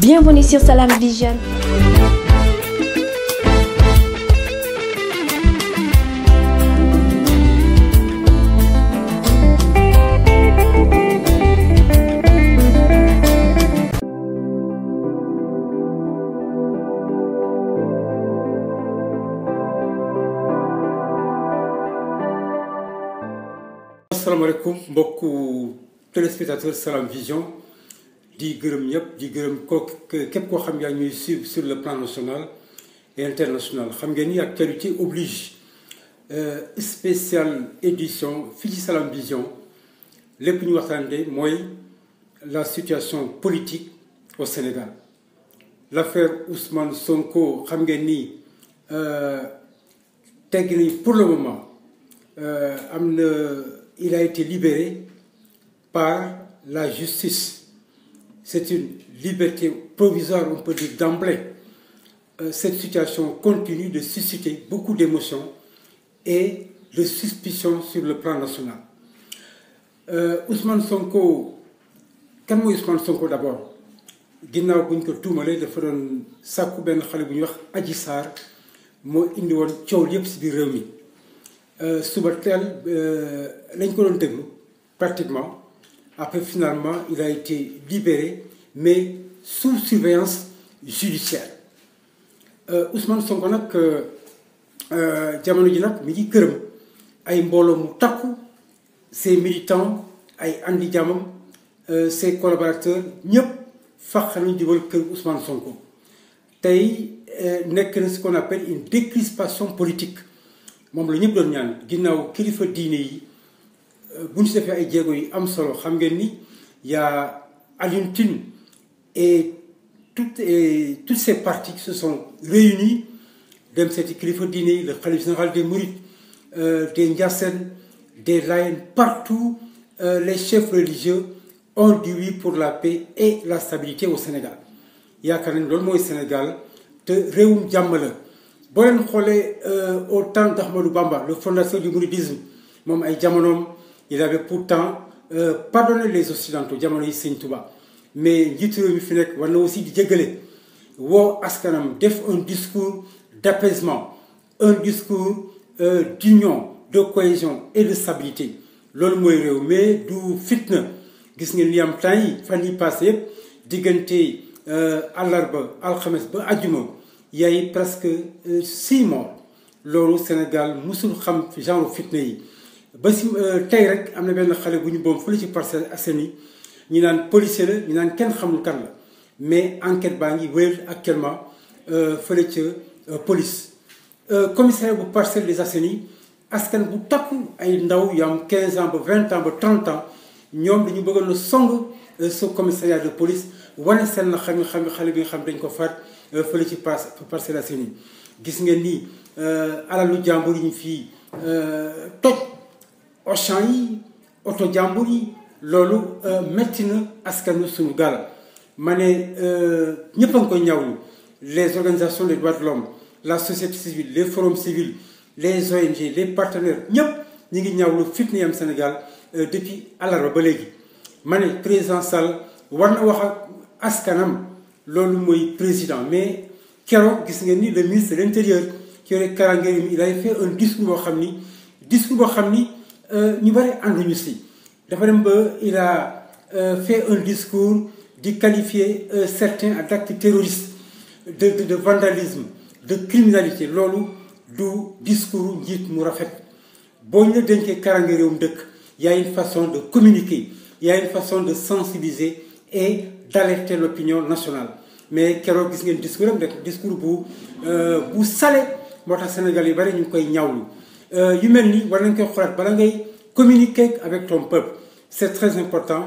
Bienvenue sur Salam Vision. asalaamaaleykum mbokku téléspectateur Salam Vision. di gërëm ñëpp di gërëm ko képp koo xam yaa ñuy suivre sur le plan national et international xam ngeen ni actualité oblige euh, spéciale édition fii ci Salam Vision lépp ñu waxtaanee mooy la situation politique au Sénégal l'affaire Ousmane Sonko xam ngeen nii euh, tegg pour le moment euh, am na il a été libéré par la justice. C'est une liberté provisoire, on peut dire d'emblée. Euh, cette situation continue de susciter beaucoup d'émotions et de suspicions sur le plan national. Euh, usman Sonko kan mooy Ousmane Sonko d'abord ginnaaw buñ ko tuumalee dafa doon sàkku benn xale bu ñuy wax aji Sarr moo indi woon coow yëpp si biir réew mi euh, suba teel lañ ko doon déglu pratiquement après finalement il a été libéré mais sous surveillance judiciaire euh, Ousmane Sonko nag euh, euh, jamono ji nag mi ngi këram ay mbooloo mu takku ses militants ay andi jamam ses collaborateurs ñëpp fax nañu jubal kër Ousmane Sonko tey nekk na ce qu'on appelle une décrispation politique moom la ñëpp doon ñaan ginnaaw kilifa diine yi bu ñu si defee ay jéego yi am solo xam ngeen ni yaa Alioune Tine et toutes et toutes ces parties qui se sont réunies dem seeti kilifa diine yi le khalife général des Mourides euh, des Ndiassane des Layènes partout euh, les chefs religieux ont dit pour la paix et la stabilité au Sénégal yaakaar nañ loolu mooy Sénégal te réewum jàmm la boo leen xoolee euh, au temps d'Ahmadou Bamba le fondateur du mouridisme moom ay jamonoom il avait pourtant pardonné les occidentaux jamono yi Sëñ mais njiitu réew mi fi nekk war na aussi di jégale woo askanam def un discours d'apaisement un discours euh, d'union de cohésion et de stabilité loolu mooy réew mais du fitna gis nga li temps yi fan yi passé yëpp diggante euh, àllarba alxames ba àjjuma yaay presque euh, six morts loolu Sénégal musul xam genre fitna yi ba si tey rek am na benn xale bu ñu boom fële ci Parcelles Assainies ñi naan policier la ñi naan kenn xamul kan la mais enquête baa ngi wéy actuellement euh, fële ca euh, police. Euh, commissariat bu Parcelles des Assainies askan bu takku ay ndaw yu quinze 15 ans ba 20 ans ba 30 ans ñoom dañu bëggoon a song ce commissariat de police wane seen na xam xam xale bi nga xam dañ ko faat fële ci Parcelles Assainies gis ngeen ni alalu jàmbur yi ñu fii toj Auchan yi oto jàmbur yi. loolu euh, métti na askanu suñu gaal ma ne euh, ñëpp a ngi koy ñawlu les organisations des droits de l'homme la société civile les forums civils les ONG les partenaires ñëpp ñi ngi ñawlu fitna am Sénégal euh, depuis àllarba ba léegi ma ne président Sall war na wax ak askanam loolu mooy président mais keroog gis ngeen ni le ministre de l'intérieur ki yore karangeer yi il a fait un discours boo xam ni discours boo xam ni ñu bari ànduñu si dafa dem ba il a euh, fait un discours di qualifier euh, certains attaques terroristes de de, de vandalisme de criminalité loolu du discours njiit mu rafet boo ñu la dénkee karange dëkk y a une façon de communiquer y a une façon de sensibiliser et d'alerter l'opinion nationale mais keroog gis ngeen discours am de discours bu euh, bu sale moo tax Sénégal yi bari ñu koy ñawlu yu mel ni war nañ koy xoolaat bala ngay communiquer avec ton peuple c'est très important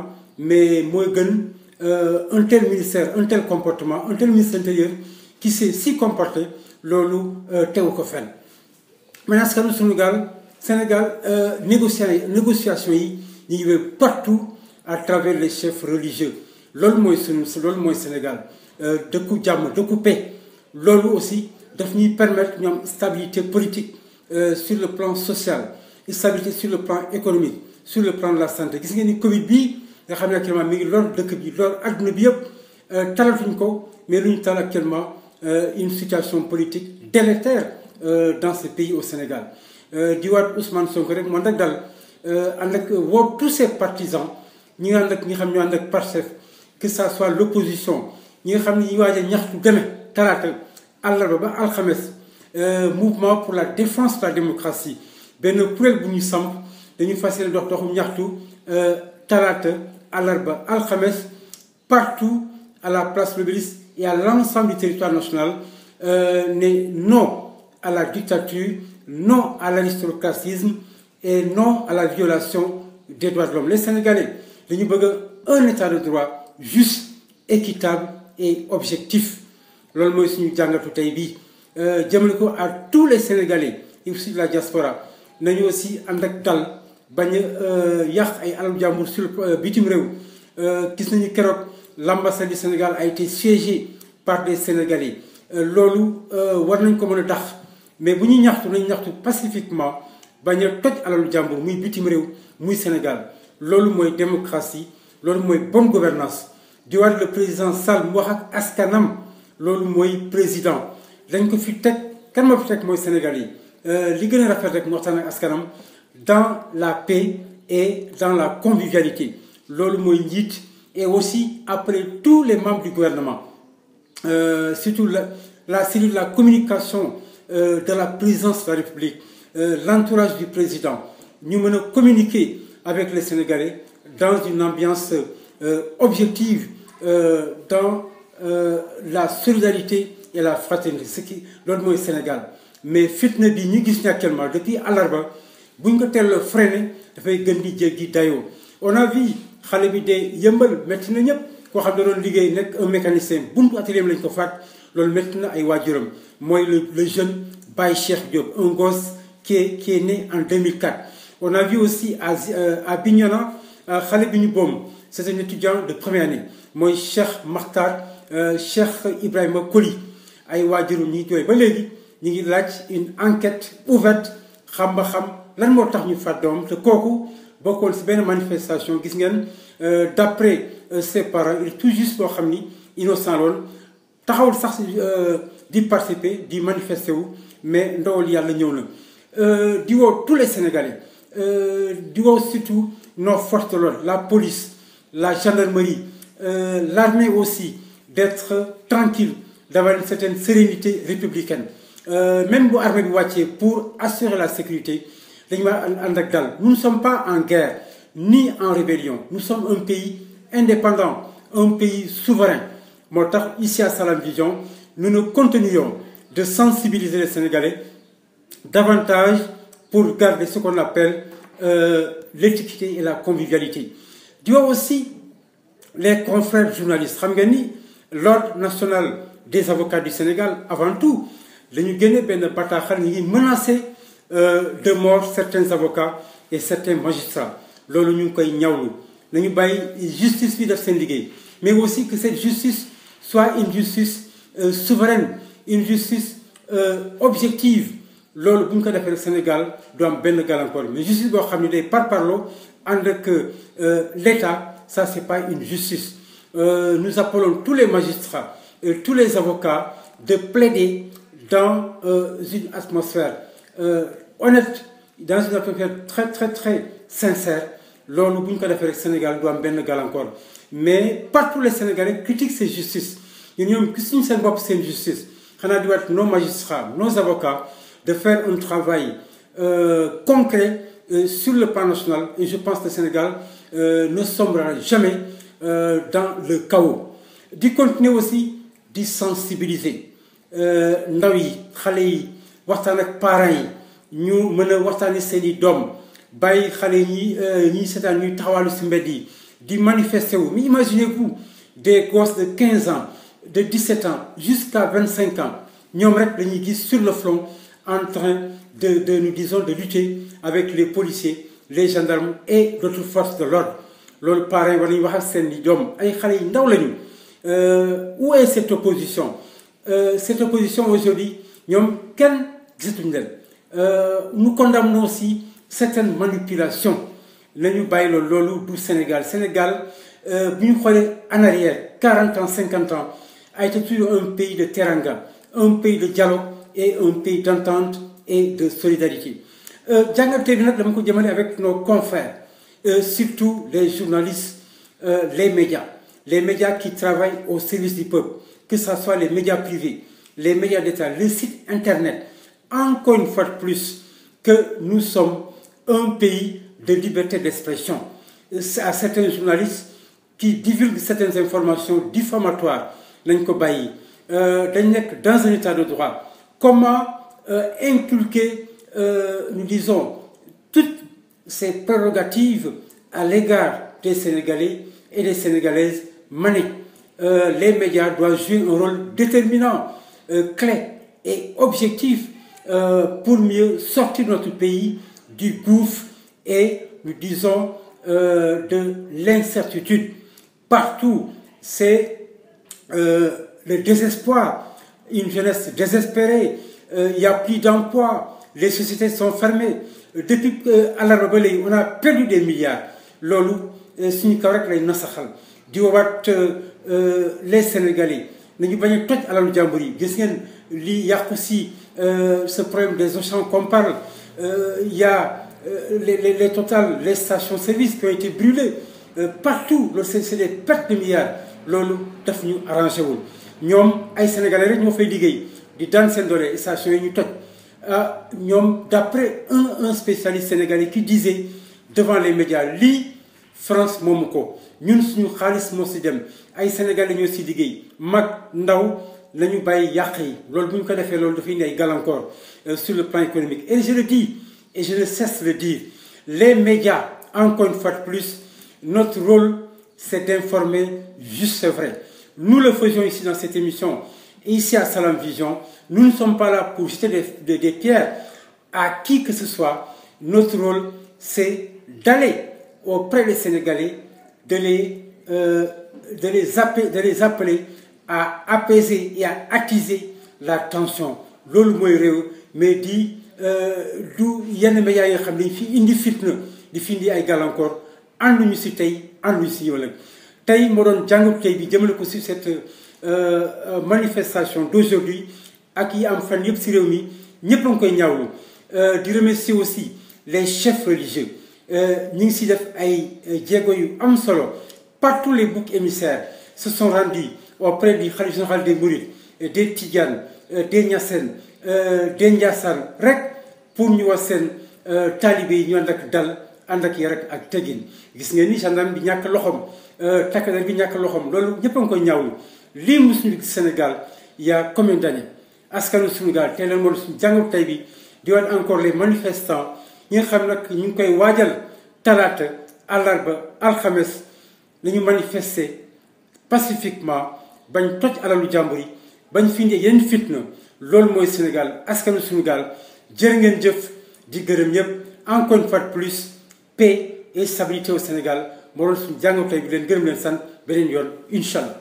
mais mooy gën euh, un tel ministère un tel comportement un tel ministre intérieur qui s'est si comporté loolu euh, teewu ko fenn maintenant askanu sénégal gaal Sénégal euh, négocia négociation yi ñu ngi partout à travers les chefs religieux loolu mooy suñu loolu mooy Sénégal dëkku jàmm dëkku paix loolu aussi daf ñuy permettre ñu am stabilité politique sur le plan social stabilité sur le plan économique sur le plan de la santé gis ngeen ni Covid bii nga xam ne actuellement mi ngi lor dëkk bi lor adduna bi yëpp euh, talatuñ ko mais lu ñu tal actuellement euh, une situation politique délétère euh, dans ce pays au Sénégal di waat Ousmane Sonko rek moom nag daal ànd ak woo tous ses partisans ñi nga ànd ak ñi xam ñu ànd ak Pastef que ça soit l'opposition ñi nga xam ne ñi waaj a ñaxtu deme talaata àllarba ba alxames mouvement pour la défense de la démocratie benn kuréel bu ñu samp dañu fas yéene dox doxu ñaxtu euh, talaata àllarba alxames partout à la place de l'Obélisque et à l'ensemble du territoire national euh, ne non à la dictature non à l'aristocratisme et non à la violation des droits de l'homme les Sénégalais dañu bëgg un état de droit juste équitable et objectif loolu mooy suñu jàngatu tey bii euh, jëmale ko à tous les Sénégalais et aussi de la diaspora nañu aussi ànd ak dal bañ a euh, yàq ay alal jàmbur sur euh, bitim réew euh, gis nañu keroog l'ambassade du Sénégal ay été siégée par des Sénégalais loolu war nañ ko mën a tax mais bu ñuy ñaxtu nañ ñaxtu pacifiquement bañ a toj alalu jàmbur muy bitim réew muy Sénégal loolu mooy démocratie loolu mooy bonne gouvernance di war le président Sall mu wax ak askanam loolu mooy président dañ ko fi teg kenn ma fi teg mooy Sénégal yi Euh, li gën a rafet rek mu waxtaan askanam dans la paix et dans la convivialité loolu mooy njiit et aussi après tous les membres du gouvernement euh, surtout la la cellule la communication euh, de la présidence de la République euh, l'entourage du président ñu mën a communiquer avec les Sénégalais dans une ambiance euh, objective euh, dans la solidarité et la fraternité ce qui mooy Sénégal mais fitna bi ñu gis ne actuellement depuis àllarba buñ ko teel a freiné dafay gën di jéggi dayoo. on a vu xale bi de yëmbal métti na ñëpp koo xam ne doon liggéey nekk un mécanicien buntu atelier lañ ko faat loolu métti na ay waajuram mooy le le jeune Baye Cheikh Diop un gosse qui est qui est né en 2004. on a vu aussi à euh, à Bignona euh, xale bi ñu boom c'est un étudiant de première année mooy Cheikh Makhtar euh, Cheikh Ibrahima Koli ay waajuru ñuy jooy ba léegi. ñu ngi laaj une enquête ouverte xam ba xam lan moo tax ñu faat doom te kooku bokkoon si benn manifestation gis ngeen euh, d'après euh, ses parents il tout juste boo xam ni innocent lool taxawul sax euh, di participer di manifester wu mais ndawal yàlla ñëw na di woo tous les sénégalais di woo surtout nos forces de la police la gendarmerie l'armée aussi d'être tranquille d'avoir une certaine sérénité républicaine Euh, même bu armée bi wàccee pour assurer la sécurité dañu war a ànd ak dal nous ne sommes pas en guerre ni en rébellion nous sommes un pays indépendant un pays souverain moo tax ici à Salam Vision nous nous continuons de sensibiliser les Sénégalais davantage pour garder ce qu'on appelle euh, l'équité et la convivialité di wax aussi les confrères journalistes xam nga ni l'ordre national des avocats du Sénégal avant tout dañu génne benn bataaxal ñu ngi menacé euh, de mort certains avocats et certains magistrats loolu ñu ngi koy ñawlu nañu bàyyi justice bi def seen liggéey mais aussi que cette justice soit une justice euh, souveraine une justice euh, objective loolu bu ñu ko defee Sénégal du am benn gàllankoor mais justice boo xam ne day loo ànd ak euh, l'État ça c'est pas une justice euh, nous appelons tous les magistrats et tous les avocats de plaider dans euh, une atmosphère euh, honnête dans une atmosphère très très très sincère loolu bu ñu ko defee rek Sénégal du benn gàllankoor mais partout les Sénégalais critiquent seen justice ñun ñoom gisuñu seen bopp seen justice xanaa di waat nos magistrats nos avocats de faire un travail euh, concret euh, sur le plan national et je pense que le Sénégal euh, ne sombrera jamais euh, dans le chaos di continuer aussi di sensibiliser Euh, ndaw yi xale yi waxtaan ak parents yi ñu mën a waxtaanee seen i doom bàyyi xale yi euh, ñuy seetaan ñuy taxawaalu si mbedd yi di manifester wu mais imaginez-vous des gosses de 15 ans de 17 ans jusqu'à 25 ans ñoom rek dañuy gis sur le front en train de de nous disons de lutter avec les policiers les gendarmes et d'autres force de l'ordre loolu parents yi war nañu wax ak seen i doom ay xale yi ndaw lañu euh, où est cette opposition Euh, cette opposition aujourd'hui ñoom kenn gisatuñu leen euh, nous condamnons aussi certaines manipulations nañu bàyyi loolu loolu du Sénégal Sénégal euh, bu ñu xoolee en arrière quarante ans cinquante ans a été toujours un pays de teranga un pays de dialogue et un pays d'entente et de solidarité jàngat bi nag dama ko jëmale avec nos confrères surtout les journalistes les médias les médias qui travaillent au service du peuple que ce soit les médias privés, les médias d'État, le site Internet, encore une fois de plus, que nous sommes un pays de liberté d'expression. Euh, à certains journalistes qui divulguent certaines informations diffamatoires, euh, dans un état de droit, comment euh, inculquer, nous disons, toutes ces prérogatives à l'égard des Sénégalais et des Sénégalaises maniques euh, les médias doivent jouer un rôle déterminant, euh, clé et objectif euh, pour mieux sortir notre pays du gouffre et, nous disons, euh, de l'incertitude. Partout, c'est euh, le désespoir, une jeunesse désespérée, euh, il y a plus d'emploi, les sociétés sont fermées. Depuis à la rebelle, on a perdu des milliards. Lolo, c'est une correcte, di woowaat euh, les Sénégalais nañu bañ a toj alalu jàmbur yi gis ngeen li yàqu si euh, ce problème des Auchan qu'on parle euh, y a les les les Total les stations service qui ont été brûlées partout loolu c'est des pertes loolu daf ñu arrangé wul ñoom ay sénégalais rek ñoo fay liggéey di daan seen doole station yi ñu toj ah ñoom d'après un un spécialiste sénégalais qui disait devant les médias lii France moomu ko. ñun suñu xaalis moo si dem ay sénégalais ñoo si liggéey mag ndaw lañu bàyyi yàq yi loolu bu ñu ko defee loolu dafay indi gàllankoor euh, sur le plan économique et je le dis et je ne cesse de le dire les médias encore une fois de plus notre rôle c'est d'informer nous le faisons ici dans cette émission et ici Vision nous ne sommes pas là pour jeter des, des, des à qui que ce soit notre rôle c'est d'aller auprès des Sénégalais de les, euh, de les, appeler, de les appeler à apaiser et à attiser la tension loolu mooy réew mais di euh, du yenn médias yoo xam ne fi indi fitna di fi indi ay gàllankoor ànduñu si tey ànduñu si yow nag tey moo doon jàngat tey bi jëmale ko si cette euh, euh, manifestation d'aujourd'hui ak yi am fan yëpp si réew mi ñëpp a ngi koy ñaawlu di remercier aussi les chefs religieux Euh, ñu ngi si def ay jéego yu am solo partout les boucs émissaires se sont rendus auprès du khalife général des Mourides euh, des Tidiane euh, des Niassène des Ndiassane rek pour ñu wax seen taalibe yi ñu ànd ak dal ànd ak yar ak tegin gis ngeen ni gendarme bi ñàkk loxoom takk na bi ñàkk loxoom loolu ñëpp a ngi koy ñaawlu lii mosuñu gis Sénégal y a combien d'années askanu Sénégal tey leen moom suñu jàngat tey bi di encore les manifestants. ñi xam nag ñu ngi koy waajal talaata àllarba alxames la ñu manifester pacifiquement bañ toj alalu jàmbur yi bañ fi indi yenn fitna loolu mooy Sénégal askanu Sénégal jërë ngeen jëf di gërëm yëpp encore une fois de plus p et stabilité Sénégal moo doon suñu jàngatu tey bi leen gërëm leen sant beneen yoon incha allah